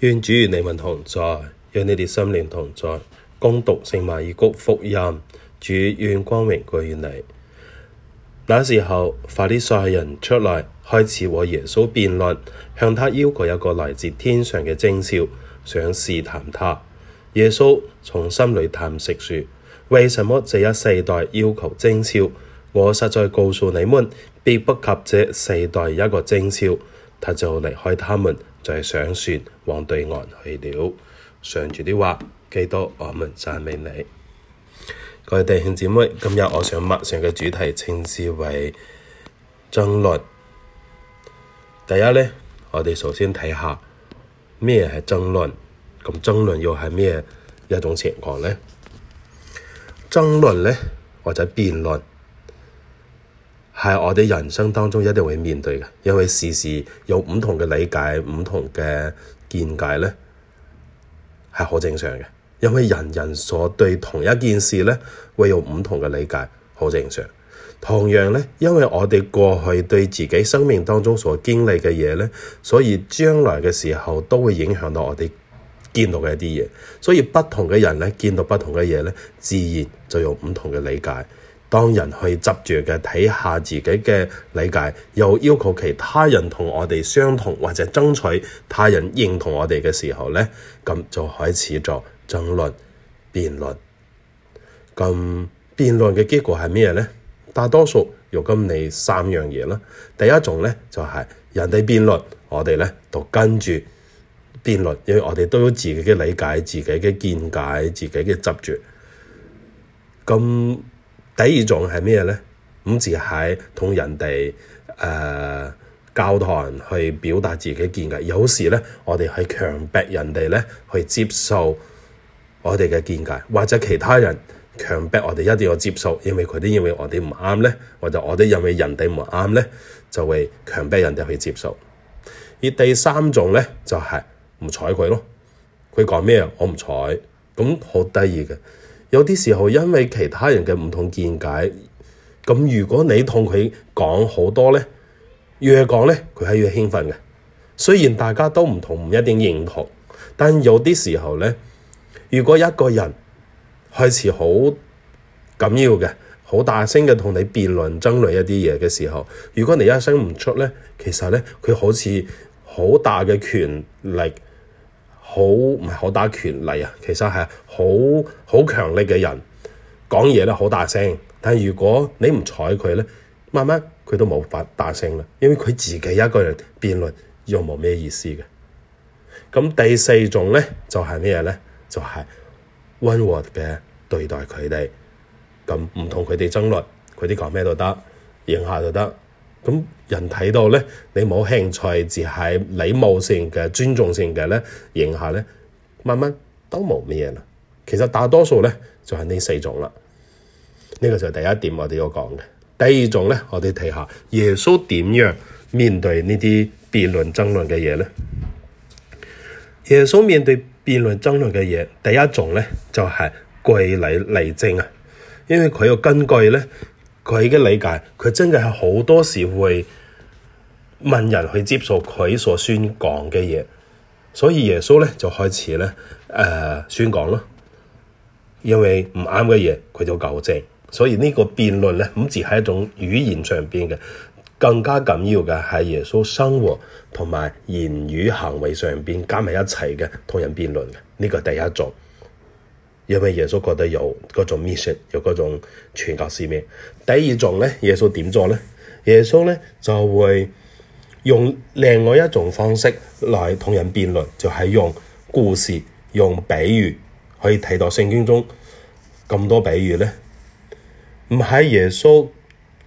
願主與你們同在，願你哋心靈同在，恭讀聖馬爾谷福音。主願光榮歸於你。那時候，法利賽人出來，開始和耶穌辯論，向他要求一個來自天上嘅徵兆，想試探他。耶穌從心裏嘆息說：為什麼這一世代要求徵兆？我實在告訴你們，必不及這世代一個徵兆。他就離開他們，就係、是，上船往對岸去了。上主啲話，基督，我們讚美你。各位弟兄姐妹，今日我想默上嘅主題稱之為爭論。第一呢，我哋首先睇下咩係爭論，咁爭論又係咩一種情況呢？「爭論呢，或者辯論。係我哋人生當中一定會面對嘅，因為事事有唔同嘅理解、唔同嘅見解咧，係好正常嘅。因為人人所對同一件事咧，會有唔同嘅理解，好正常。同樣咧，因為我哋過去對自己生命當中所經歷嘅嘢咧，所以將來嘅時候都會影響到我哋見到嘅一啲嘢。所以不同嘅人咧，見到不同嘅嘢咧，自然就有唔同嘅理解。當人去執着嘅睇下自己嘅理解，又要求其他人同我哋相同，或者爭取他人認同我哋嘅時候咧，咁就開始做爭論、辯論。咁辯論嘅結果係咩咧？大多數如今你三樣嘢啦。第一種咧就係、是、人哋辯論，我哋咧就跟住辯論，因為我哋都有自己嘅理解、自己嘅見解、自己嘅執著。咁第二種係咩咧？咁就係同人哋誒交談去表達自己見解。有時咧，我哋係強迫人哋咧去接受我哋嘅見解，或者其他人強迫我哋一定要接受，因為佢哋認為我哋唔啱咧，或者我哋認為人哋唔啱咧，就會強迫人哋去接受。而第三種咧，就係唔睬佢咯，佢講咩我唔睬。咁好得意嘅。有啲時候，因為其他人嘅唔同見解，咁如果你同佢講好多咧，越講咧，佢係越興奮嘅。雖然大家都唔同，唔一定認同，但有啲時候咧，如果一個人開始好緊要嘅、好大聲嘅同你辯論、爭論一啲嘢嘅時候，如果你一聲唔出咧，其實咧，佢好似好大嘅權力。好唔係好打權利啊，其實係好好強力嘅人，講嘢咧好大聲。但如果你唔睬佢咧，慢慢佢都冇法大聲啦，因為佢自己一個人辯論又冇咩意思嘅。咁第四種咧就係咩咧？就係溫和嘅對待佢哋，咁唔同佢哋爭論，佢哋講咩都得，應下都得。咁人睇到咧，你冇興趣，只係禮貌性嘅、尊重性嘅咧，影下咧，慢慢都冇乜嘢啦。其實大多數咧就係呢四種啦，呢個就係第一點我哋要講嘅。第二種咧，我哋睇下耶穌點樣面對呢啲辯論爭論嘅嘢咧。耶穌面對辯論爭論嘅嘢，第一種咧就係據理力爭啊，因為佢有根據咧。佢嘅理解，佢真嘅係好多時會問人去接受佢所宣講嘅嘢，所以耶穌咧就開始咧誒、呃、宣講咯。因為唔啱嘅嘢佢就糾正，所以呢個辯論咧唔止係一種語言上邊嘅，更加緊要嘅係耶穌生活同埋言語行為上邊加埋一齊嘅同人辯論嘅呢、這個係第一種。因為耶穌覺得有各種 m i 有各種全球使命。第二種呢，耶穌點做呢？耶穌呢，就會用另外一種方式來同人辯論，就係、是、用故事、用比喻去睇到聖經中咁多比喻呢，唔係耶穌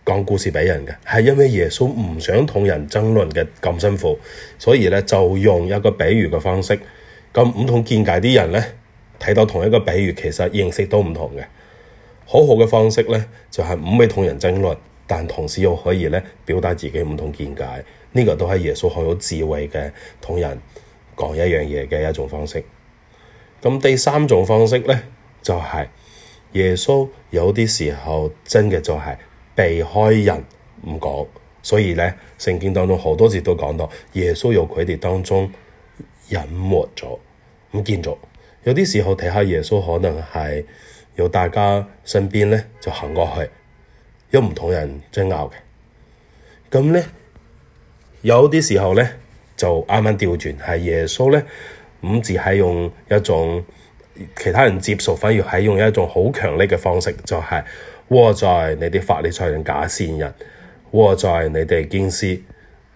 講故事畀人嘅，係因為耶穌唔想同人爭論嘅咁辛苦，所以呢，就用一個比喻嘅方式咁，唔同見解啲人呢。睇到同一個比喻，其實認識都唔同嘅。好好嘅方式呢，就係唔可以同人爭論，但同時又可以呢，表達自己唔同見解。呢、這個都係耶穌好有智慧嘅同人講一樣嘢嘅一種方式。咁第三種方式呢，就係、是、耶穌有啲時候真嘅就係避開人唔講，所以呢，聖經當中好多字都講到耶穌由佢哋當中隱沒咗，唔見咗。有啲時候睇下耶穌可能係由大家身邊咧就行過去，有唔同人爭拗嘅，咁咧有啲時候咧就啱啱調轉，係耶穌咧唔止係用一種其他人接受，反而係用一種好強烈嘅方式，就係、是、禍哉你哋法利賽人假善人，禍哉你哋經師，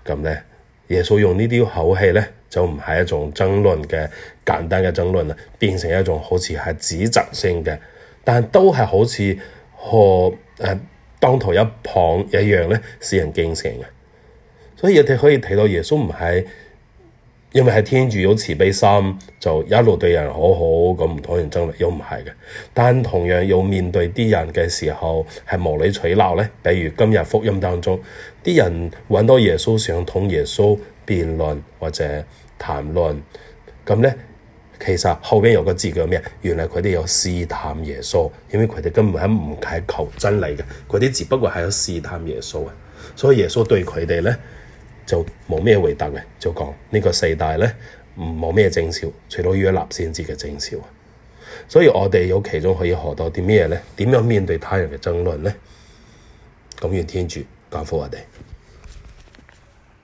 咁咧耶穌用呢啲口氣咧。就唔係一種爭論嘅簡單嘅爭論啦，變成一種好似係指責性嘅，但都係好似和誒、啊、當頭一棒一樣咧，使人驚醒嘅。所以你哋可以睇到耶穌唔係因為係天主有慈悲心，就一路對人好好咁唔同人爭論，又唔係嘅。但同樣要面對啲人嘅時候係無理取鬧咧，比如今日福音當中啲人揾到耶穌想捅耶穌。辯論或者談論，咁咧其實後邊有個字叫咩？原來佢哋有試探耶穌，因為佢哋根本係唔係求真理嘅，佢哋只不過係有試探耶穌啊。所以耶穌對佢哋咧就冇咩回答嘅，就講、這個、呢個世代咧冇咩正兆，除咗約納先知嘅正兆啊。所以我哋有其中可以學到啲咩咧？點樣面對他人嘅爭論咧？咁願天主祝福我哋。